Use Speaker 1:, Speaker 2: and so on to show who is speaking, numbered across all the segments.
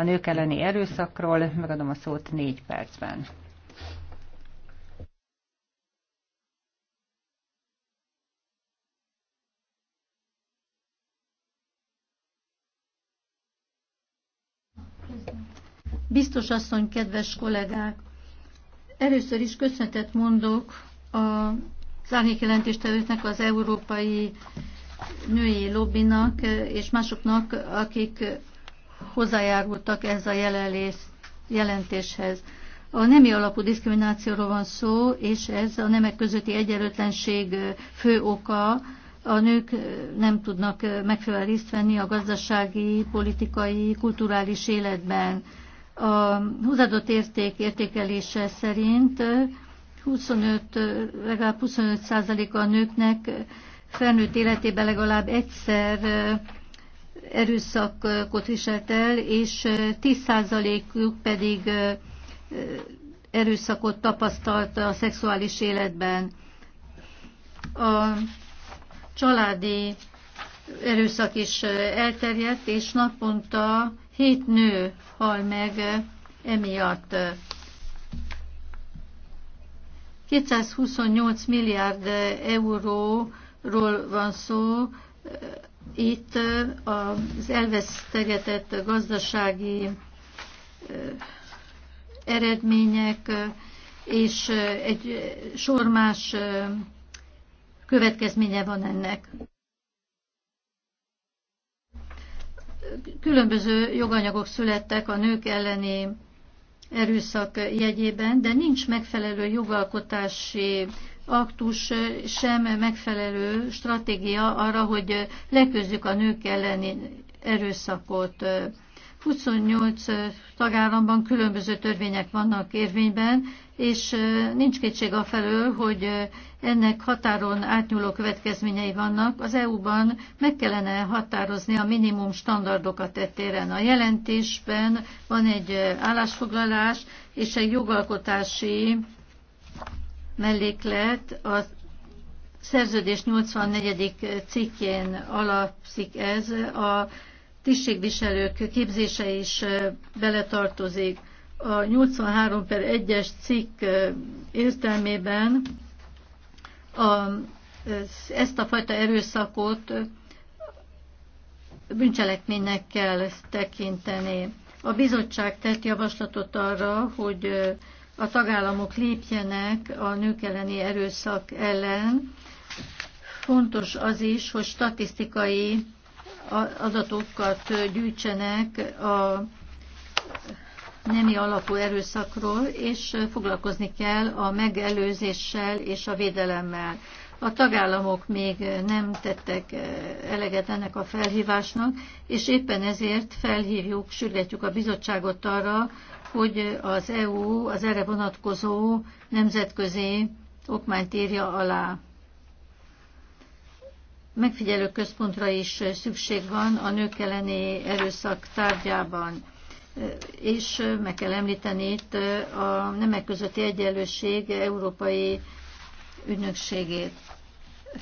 Speaker 1: a nők elleni erőszakról. Megadom a szót négy percben.
Speaker 2: Biztos asszony, kedves kollégák! Először is köszönetet mondok a árnyékjelentéstevőknek, az Európai Női lobbynak és másoknak, akik hozzájárultak ez a jelenlés, jelentéshez. A nemi alapú diszkriminációról van szó, és ez a nemek közötti egyenlőtlenség fő oka. A nők nem tudnak megfelelően részt venni a gazdasági, politikai, kulturális életben. A hozzáadott érték értékelése szerint 25, legalább 25 a nőknek felnőtt életében legalább egyszer erőszakot viselt el, és 10%-uk pedig erőszakot tapasztalt a szexuális életben. A családi erőszak is elterjedt, és naponta hét nő hal meg emiatt. 228 milliárd euróról van szó, itt az elvesztegetett gazdasági eredmények és egy sor más következménye van ennek. Különböző joganyagok születtek a nők elleni erőszak jegyében, de nincs megfelelő jogalkotási aktus eh, sem megfelelő stratégia arra, hogy eh, leküzdjük a nők elleni erőszakot. 28 eh, tagállamban különböző törvények vannak érvényben, és nincs kétség a felől, hogy ennek határon átnyúló következményei vannak. Az EU-ban meg kellene határozni a minimum standardokat e téren. A jelentésben van egy állásfoglalás és egy jogalkotási melléklet a szerződés 84. cikkén alapszik ez, a tisztségviselők képzése is beletartozik. A 83 per 1-es cikk értelmében a, ezt a fajta erőszakot bűncselekménynek kell tekinteni. A bizottság tett javaslatot arra, hogy a tagállamok lépjenek a nők elleni erőszak ellen. Fontos az is, hogy statisztikai adatokat gyűjtsenek a nemi alapú erőszakról, és foglalkozni kell a megelőzéssel és a védelemmel. A tagállamok még nem tettek eleget ennek a felhívásnak, és éppen ezért felhívjuk, sürgetjük a bizottságot arra, hogy az EU az erre vonatkozó nemzetközi okmányt írja alá. Megfigyelő központra is szükség van a nők elleni erőszak tárgyában, és meg kell említeni itt a nemek közötti egyenlőség európai ügynökségét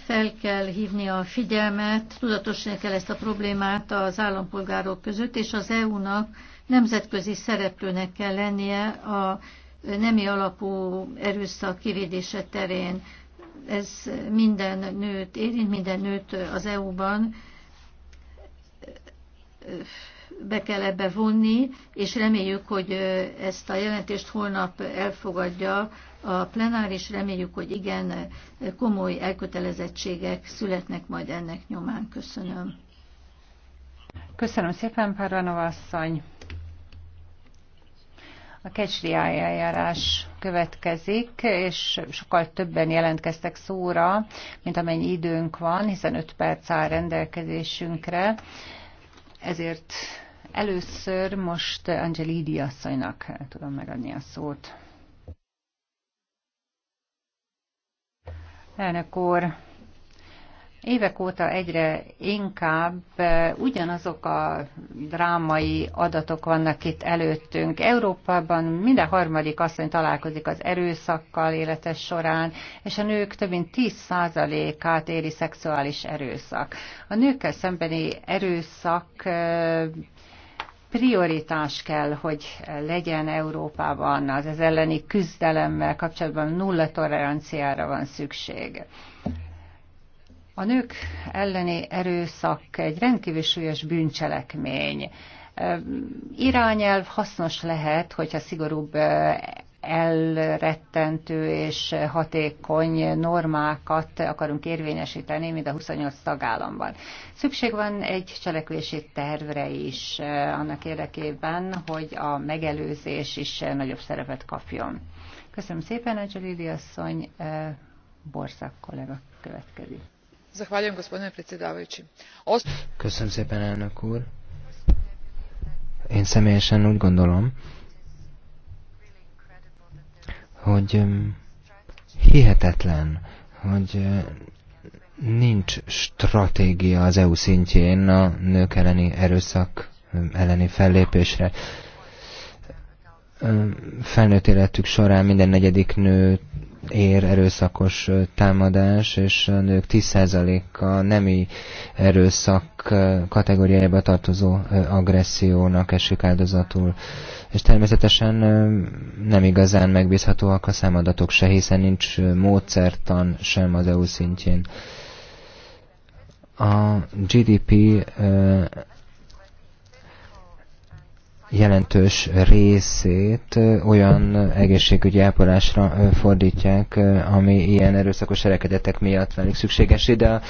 Speaker 2: fel kell hívni a figyelmet, tudatosítani kell ezt a problémát az állampolgárok között, és az EU-nak nemzetközi szereplőnek kell lennie a nemi alapú erőszak kivédése terén. Ez minden nőt érint, minden nőt az EU-ban be kell ebbe vonni, és reméljük, hogy ezt a jelentést holnap elfogadja a plenáris, reméljük, hogy igen, komoly elkötelezettségek születnek majd ennek nyomán. Köszönöm.
Speaker 1: Köszönöm szépen, Párvanova asszony. A kecsriáj eljárás következik, és sokkal többen jelentkeztek szóra, mint amennyi időnk van, hiszen 5 perc áll rendelkezésünkre. Ezért először most Angelidi asszonynak tudom megadni a szót. Elnök úr, Évek óta egyre inkább eh, ugyanazok a drámai adatok vannak itt előttünk. Európában minden harmadik asszony találkozik az erőszakkal életes során, és a nők több mint 10%-át éri szexuális erőszak. A nőkkel szembeni erőszak eh, prioritás kell, hogy legyen Európában az ez elleni küzdelemmel kapcsolatban nulla toleranciára van szükség. A nők elleni erőszak egy rendkívül súlyos bűncselekmény. Irányelv hasznos lehet, hogyha szigorúbb elrettentő és hatékony normákat akarunk érvényesíteni, mint a 28 tagállamban. Szükség van egy cselekvési tervre is annak érdekében, hogy a megelőzés is nagyobb szerepet kapjon. Köszönöm szépen, Angelidi asszony, Borszak kollega következik.
Speaker 3: Köszönöm szépen, elnök úr. Én személyesen úgy gondolom, hogy hihetetlen, hogy nincs stratégia az EU szintjén a nők elleni erőszak elleni fellépésre. Felnőtt életük során minden negyedik nő ér erőszakos támadás, és a nők 10%-a nemi erőszak kategóriájába tartozó agressziónak esik áldozatul. És természetesen nem igazán megbízhatóak a számadatok se, hiszen nincs módszertan sem az EU szintjén. A GDP jelentős részét olyan egészségügyi ápolásra fordítják, ami ilyen erőszakos erekedetek miatt válik szükséges, de a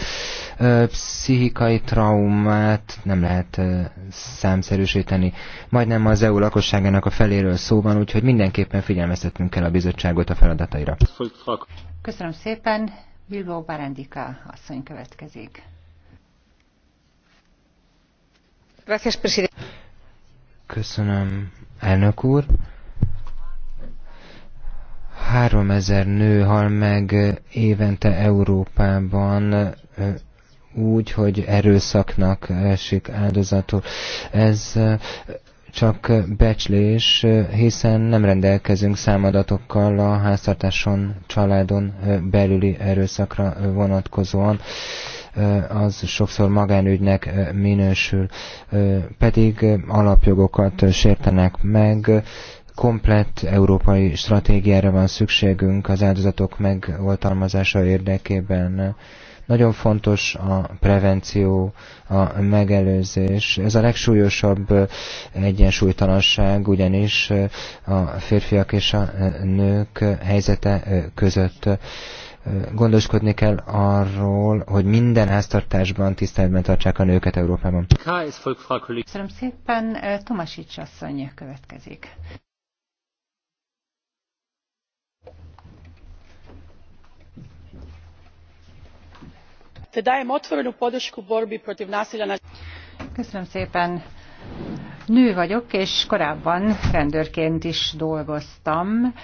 Speaker 3: pszichikai traumát nem lehet számszerűsíteni. Majdnem az EU lakosságának a feléről szó van, úgyhogy mindenképpen figyelmeztetnünk kell a bizottságot a feladataira.
Speaker 1: Köszönöm szépen. Bilbao Barandika asszony következik.
Speaker 2: Gracias, presidente.
Speaker 3: Köszönöm, elnök úr. 3000 nő hal meg évente Európában úgy, hogy erőszaknak esik áldozatul. Ez csak becslés, hiszen nem rendelkezünk számadatokkal a háztartáson, családon belüli erőszakra vonatkozóan az sokszor magánügynek minősül, pedig alapjogokat sértenek meg, komplett európai stratégiára van szükségünk az áldozatok megoltalmazása érdekében. Nagyon fontos a prevenció, a megelőzés. Ez a legsúlyosabb egyensúlytalanság, ugyanis a férfiak és a nők helyzete között gondoskodni kell arról, hogy minden háztartásban tiszteletben tartsák a nőket Európában. Köszönöm
Speaker 1: szépen, Tomasics asszony következik.
Speaker 2: borbi protiv
Speaker 1: Köszönöm szépen. Nő vagyok, és korábban rendőrként is dolgoztam,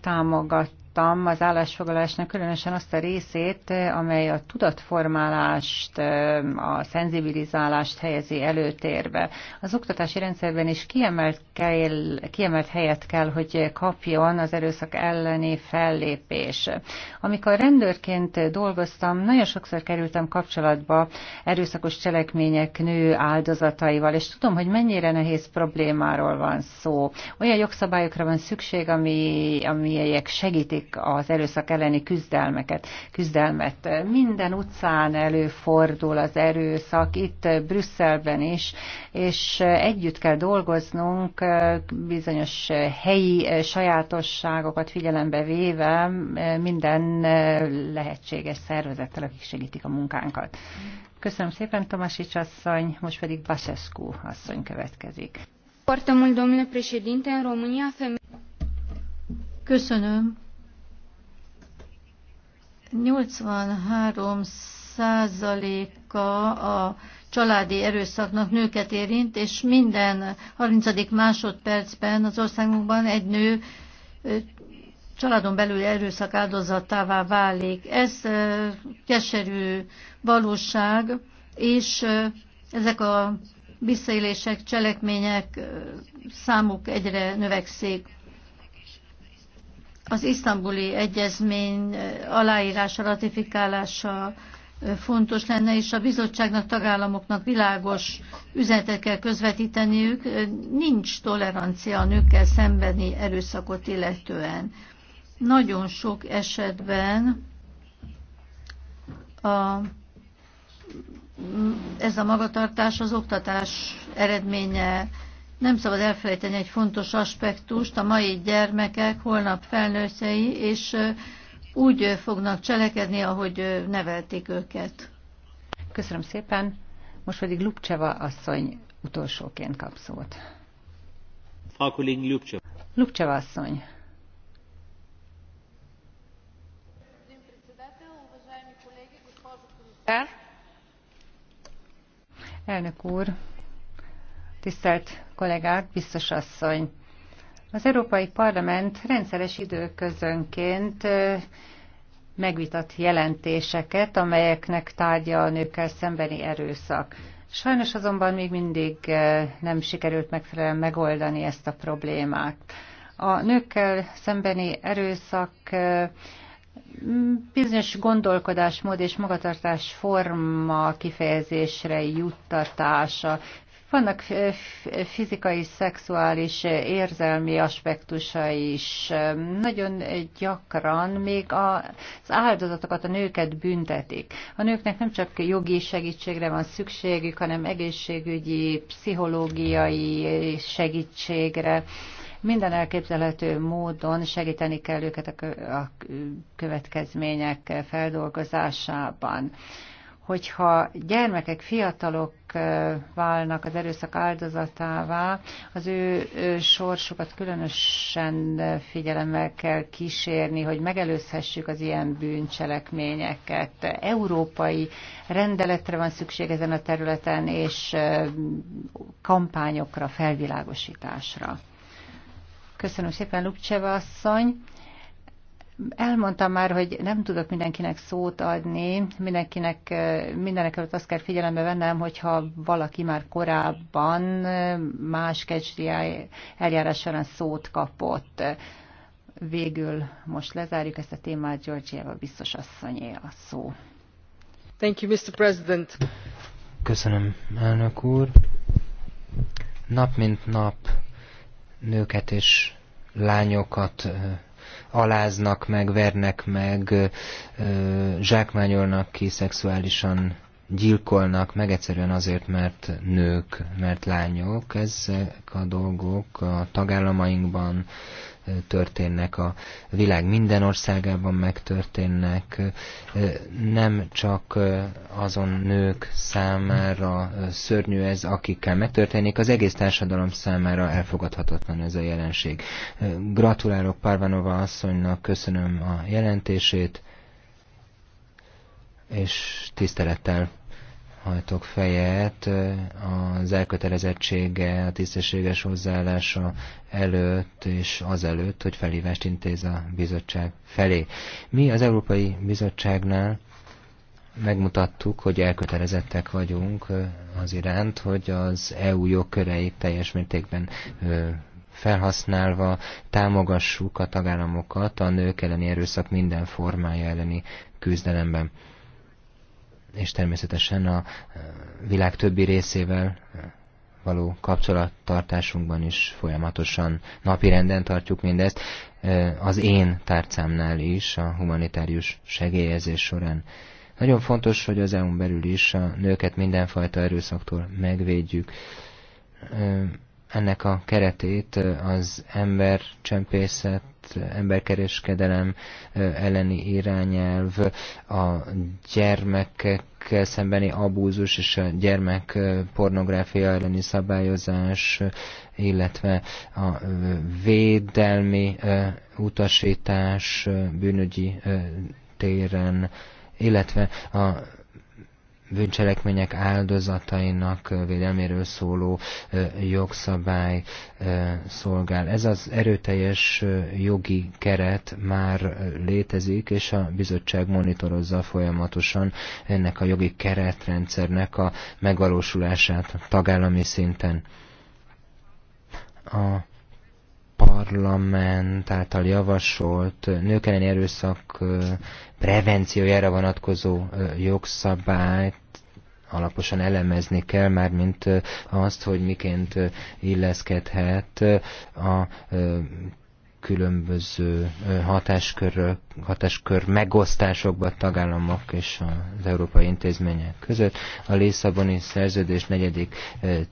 Speaker 1: támogat osztottam az állásfoglalásnak különösen azt a részét, amely a tudatformálást, a szenzibilizálást helyezi előtérbe. Az oktatási rendszerben is kiemelt, kell, kiemelt helyet kell, hogy kapjon az erőszak elleni fellépés. Amikor rendőrként dolgoztam, nagyon sokszor kerültem kapcsolatba erőszakos cselekmények nő áldozataival, és tudom, hogy mennyire nehéz problémáról van szó. Olyan jogszabályokra van szükség, ami, amelyek segítik elkezdik az erőszak elleni küzdelmeket, küzdelmet. Minden utcán előfordul az erőszak, itt Brüsszelben is, és együtt kell dolgoznunk bizonyos helyi sajátosságokat figyelembe véve minden lehetséges szervezettel, akik segítik a munkánkat. Köszönöm szépen, Tomasics asszony, most pedig Basescu asszony következik.
Speaker 2: Köszönöm, 83 százaléka a családi erőszaknak nőket érint, és minden 30. másodpercben az országunkban egy nő családon belül erőszak áldozatává válik. Ez keserű valóság, és ezek a visszaélések, cselekmények számuk egyre növekszik az isztambuli egyezmény aláírása, ratifikálása fontos lenne, és a bizottságnak, tagállamoknak világos üzenetet kell közvetíteniük. Nincs tolerancia a nőkkel szembeni erőszakot illetően. Nagyon sok esetben a, ez a magatartás az oktatás eredménye, nem szabad elfelejteni egy fontos aspektust, a mai gyermekek holnap felnőszei, és úgy fognak cselekedni, ahogy nevelték őket. Köszönöm szépen.
Speaker 1: Most pedig Lupcseva asszony utolsóként kap szót. Lupcseva. Lupcseva asszony. Elnök úr, Tisztelt kollégák, biztos asszony! Az Európai Parlament rendszeres időközönként megvitat jelentéseket, amelyeknek tárgya a nőkkel szembeni erőszak. Sajnos azonban még mindig nem sikerült megfelelően megoldani ezt a problémát. A nőkkel szembeni erőszak bizonyos gondolkodásmód és magatartás forma kifejezésre juttatása, vannak fizikai, szexuális, érzelmi aspektusai is. Nagyon gyakran még az áldozatokat, a nőket büntetik. A nőknek nem csak jogi segítségre van szükségük, hanem egészségügyi, pszichológiai segítségre. Minden elképzelhető módon segíteni kell őket a következmények feldolgozásában hogyha gyermekek, fiatalok válnak az erőszak áldozatává, az ő sorsokat különösen figyelemmel kell kísérni, hogy megelőzhessük az ilyen bűncselekményeket. Európai rendeletre van szükség ezen a területen, és kampányokra, felvilágosításra. Köszönöm szépen, Lukcseva asszony. Elmondtam már, hogy nem tudok mindenkinek szót adni, mindenkinek, mindenek előtt azt kell figyelembe vennem, hogyha valaki már korábban más kecsdi eljárás során szót kapott. Végül most lezárjuk ezt a témát, Georgieva biztos asszonyé a szó. Thank you, Mr. President.
Speaker 3: Köszönöm, elnök úr. Nap mint nap nőket és lányokat aláznak meg, vernek meg, zsákmányolnak ki, szexuálisan gyilkolnak meg egyszerűen azért, mert nők, mert lányok. Ezek a dolgok a tagállamainkban történnek, a világ minden országában megtörténnek, nem csak azon nők számára szörnyű ez, akikkel megtörténik, az egész társadalom számára elfogadhatatlan ez a jelenség. Gratulálok Parvanova asszonynak, köszönöm a jelentését, és tisztelettel hajtok fejet az elkötelezettsége, a tisztességes hozzáállása előtt és azelőtt, hogy felhívást intéz a bizottság felé. Mi az Európai Bizottságnál megmutattuk, hogy elkötelezettek vagyunk az iránt, hogy az EU jogköreit teljes mértékben felhasználva támogassuk a tagállamokat a nők elleni erőszak minden formája elleni küzdelemben és természetesen a világ többi részével való kapcsolattartásunkban is folyamatosan napirenden tartjuk mindezt. Az én tárcámnál is a humanitárius segélyezés során. Nagyon fontos, hogy az EU-n belül is a nőket mindenfajta erőszaktól megvédjük. Ennek a keretét az embercsempészet emberkereskedelem elleni irányelv, a gyermekek szembeni abúzus és a gyermek pornográfia elleni szabályozás, illetve a védelmi utasítás bűnügyi téren, illetve a bűncselekmények áldozatainak védelméről szóló jogszabály szolgál. Ez az erőteljes jogi keret már létezik, és a bizottság monitorozza folyamatosan ennek a jogi keretrendszernek a megvalósulását tagállami szinten. A parlament által javasolt nők elleni erőszak prevenciójára vonatkozó jogszabályt alaposan elemezni kell, már mint azt, hogy miként illeszkedhet a különböző hatáskör, hatáskör megosztásokba tagállamok és az európai intézmények között. A Lisszaboni szerződés negyedik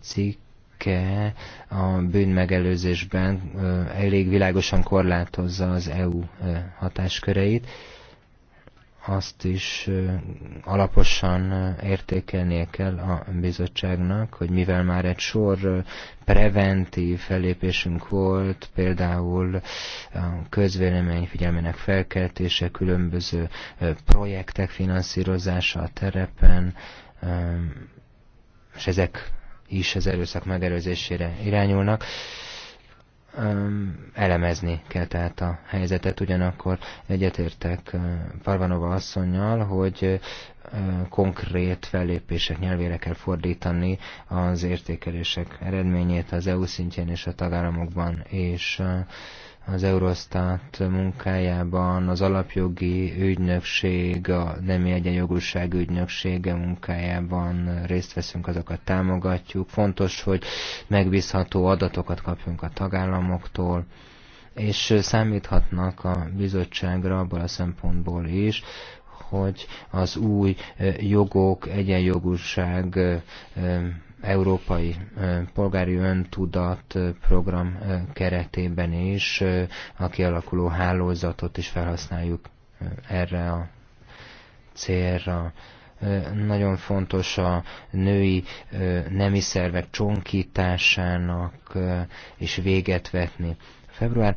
Speaker 3: cikk cikke a bűnmegelőzésben elég világosan korlátozza az EU hatásköreit. Azt is alaposan értékelnie kell a bizottságnak, hogy mivel már egy sor preventív fellépésünk volt, például a közvélemény figyelmének felkeltése, különböző projektek finanszírozása a terepen, és ezek is az erőszak megelőzésére irányulnak. Elemezni kell tehát a helyzetet, ugyanakkor egyetértek Parvanova asszonynal, hogy konkrét fellépések nyelvére kell fordítani az értékelések eredményét az EU szintjén és a tagállamokban, és az Eurostat munkájában, az alapjogi ügynökség, a nemi egyenjogúság ügynöksége munkájában részt veszünk, azokat támogatjuk. Fontos, hogy megbízható adatokat kapjunk a tagállamoktól, és számíthatnak a bizottságra abból a szempontból is, hogy az új jogok, egyenjogúság európai polgári öntudat program keretében is a kialakuló hálózatot is felhasználjuk erre a célra. Nagyon fontos a női nemi szervek csonkításának is véget vetni. Február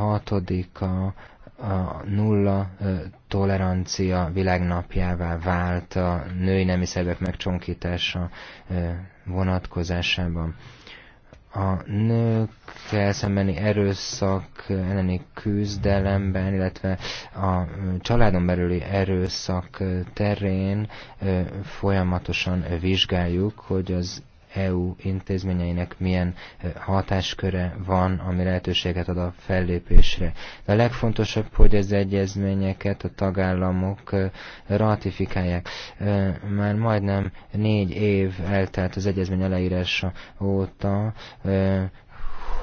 Speaker 3: 6-a a nulla tolerancia világnapjává vált a női nemi szervek megcsonkítása vonatkozásában. A nőkkel szembeni erőszak elleni küzdelemben, illetve a családon belüli erőszak terén folyamatosan vizsgáljuk, hogy az EU intézményeinek milyen hatásköre van, ami lehetőséget ad a fellépésre. De a legfontosabb, hogy az egyezményeket a tagállamok ratifikálják. Már majdnem négy év eltelt az egyezmény aláírása óta,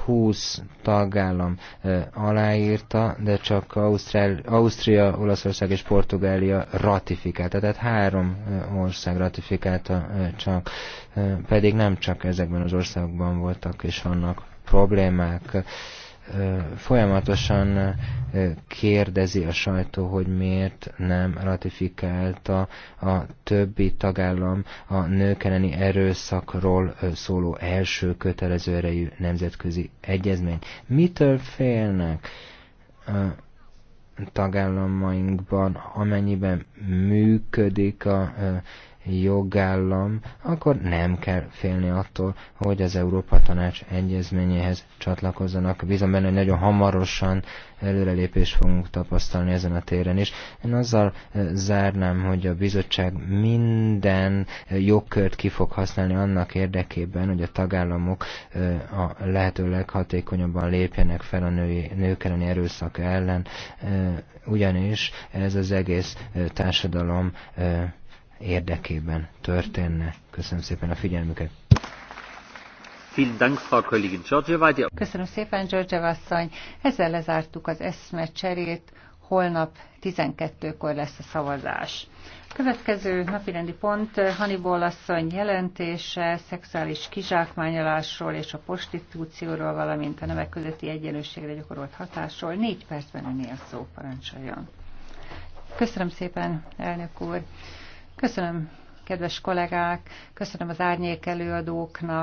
Speaker 3: 20 tagállam aláírta, de csak Ausztrál, Ausztria, Olaszország és Portugália ratifikálta. Tehát három ország ratifikálta csak, pedig nem csak ezekben az országokban voltak és vannak problémák folyamatosan kérdezi a sajtó, hogy miért nem ratifikálta a többi tagállam a nők elleni erőszakról szóló első kötelező erejű nemzetközi egyezmény? Mitől félnek? tagállamainkban, amennyiben működik a jogállam, akkor nem kell félni attól, hogy az Európa Tanács egyezményéhez csatlakozzanak. Bízom benne, hogy nagyon hamarosan előrelépést fogunk tapasztalni ezen a téren is. Én azzal eh, zárnám, hogy a bizottság minden eh, jogkört ki fog használni annak érdekében, hogy a tagállamok eh, a lehető leghatékonyabban lépjenek fel a női, nők elleni erőszak ellen, ugyanis ez az egész társadalom érdekében történne. Köszönöm szépen a figyelmüket.
Speaker 1: Köszönöm szépen, Georgia Vasszony. Ezzel lezártuk az cserét. Holnap 12-kor lesz a szavazás. Következő napirendi pont Hannibal asszony jelentése szexuális kizsákmányolásról és a prostitúcióról, valamint a nemek közötti egyenlőségre gyakorolt hatásról. Négy percben öné a szó, parancsoljon. Köszönöm szépen, elnök úr. Köszönöm, kedves kollégák, köszönöm az árnyék előadóknak,